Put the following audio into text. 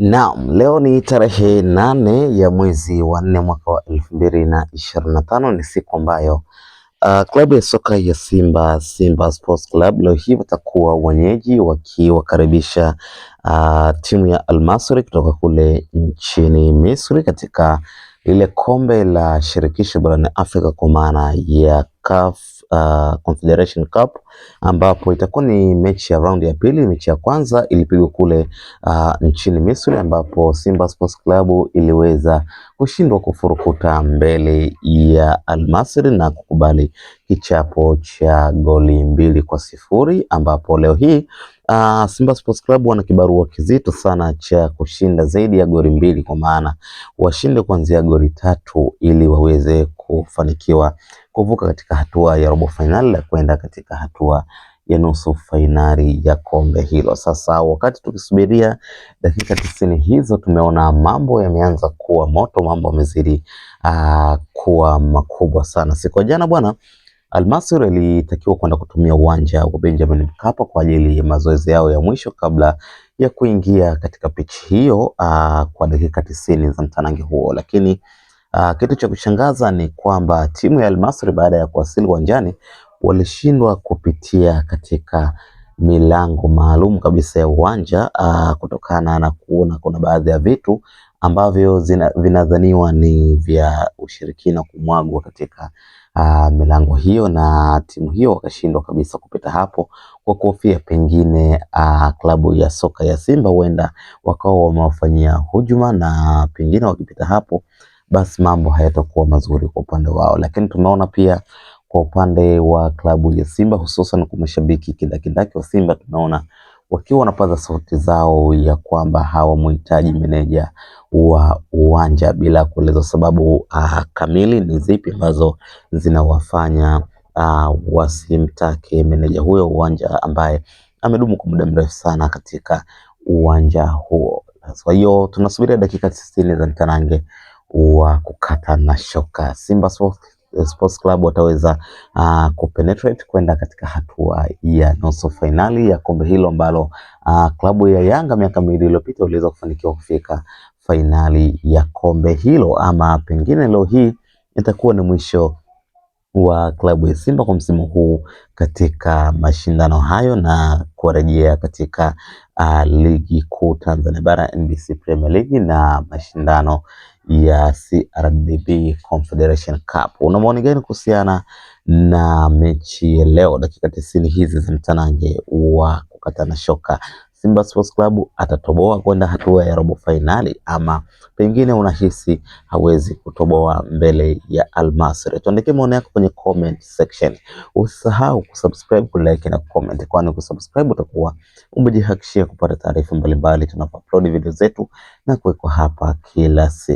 Naam, leo ni tarehe nane ya mwezi wa nne mwaka wa elfu mbili na ishirini na tano. Ni siku ambayo uh, klabu ya soka ya Simba Simba Sports Club leo hii watakuwa wenyeji wakiwakaribisha uh, timu ya almasri kutoka kule nchini Misri katika lile kombe la shirikisho barani Afrika kwa maana ya CAF uh, Confederation Cup ambapo itakuwa ni mechi ya raundi ya pili. Mechi ya kwanza ilipigwa kule uh, nchini Misri ambapo Simba Sports Club iliweza kushindwa kufurukuta mbele ya al na kukubali kichapo cha goli mbili kwa sifuri ambapo leo hii Uh, Simba Sports Club wana kibarua kizito sana cha kushinda zaidi ya goli mbili, kwa maana washinde kuanzia goli tatu ili waweze kufanikiwa kuvuka katika hatua ya robo fainali na kwenda katika hatua ya nusu fainali ya kombe hilo. Sasa wakati tukisubiria dakika tisini hizo, tumeona mambo yameanza kuwa moto, mambo yamezidi ah, kuwa makubwa sana. Siku jana bwana Almasri alitakiwa kwenda kutumia uwanja wa Benjamin Mkapa kwa ajili ya mazoezi yao ya mwisho kabla ya kuingia katika pichi hiyo aa, ah, kwa dakika tisini za mtanange huo, lakini Uh, kitu cha kushangaza ni kwamba timu ya Almasri baada ya kuwasili uwanjani walishindwa kupitia katika milango maalum kabisa ya uwanja uh, kutokana na kuona kuna baadhi ya vitu ambavyo vinadhaniwa ni vya ushirikina kumwagwa katika uh, milango hiyo, na timu hiyo wakashindwa kabisa kupita hapo kwa kuhofia pengine uh, klabu ya soka ya Simba huenda wakawa wamewafanyia hujuma, na pengine wakipita hapo basi mambo hayatakuwa mazuri kwa upande wao, lakini tumeona pia kwa upande wa klabu ya Simba hususan kwa mashabiki kidakidaki wa Simba tunaona wakiwa wanapaza sauti zao ya kwamba hawamhitaji meneja wa uwanja bila kueleza sababu ah, kamili ni zipi ambazo zinawafanya ah, wasimtake meneja huyo uwanja ambaye amedumu kwa muda mrefu sana katika uwanja huo. Kwa hiyo tunasubiria dakika 60 za Mtanange wa kukata na shoka. Simba Sports eh, Club wataweza uh, kupenetrate kwenda katika hatua ya nusu fainali ya kombe hilo ambalo uh, klabu ya Yanga miaka miwili iliyopita waliweza kufanikiwa kufika fainali ya kombe hilo, ama pengine leo hii itakuwa ni mwisho wa klabu ya Simba kwa msimu huu katika mashindano hayo na kurejea katika uh, ligi kuu Tanzania bara NBC Premier League na mashindano ya CRDB Confederation Cup. Una maoni gani kuhusiana na mechi ya leo, dakika tisini hizi za mtanange wa kukatana shoka? Simba Sports Club atatoboa kwenda hatua ya robo fainali ama pengine unahisi hawezi kutoboa mbele ya Almasri? Tuandike maoni yako kwenye comment section. Usisahau kusubscribe, kulike na comment, kwani kusubscribe utakuwa umejihakishia kupata taarifa mbalimbali upload video zetu na kuwekwa hapa kila siku.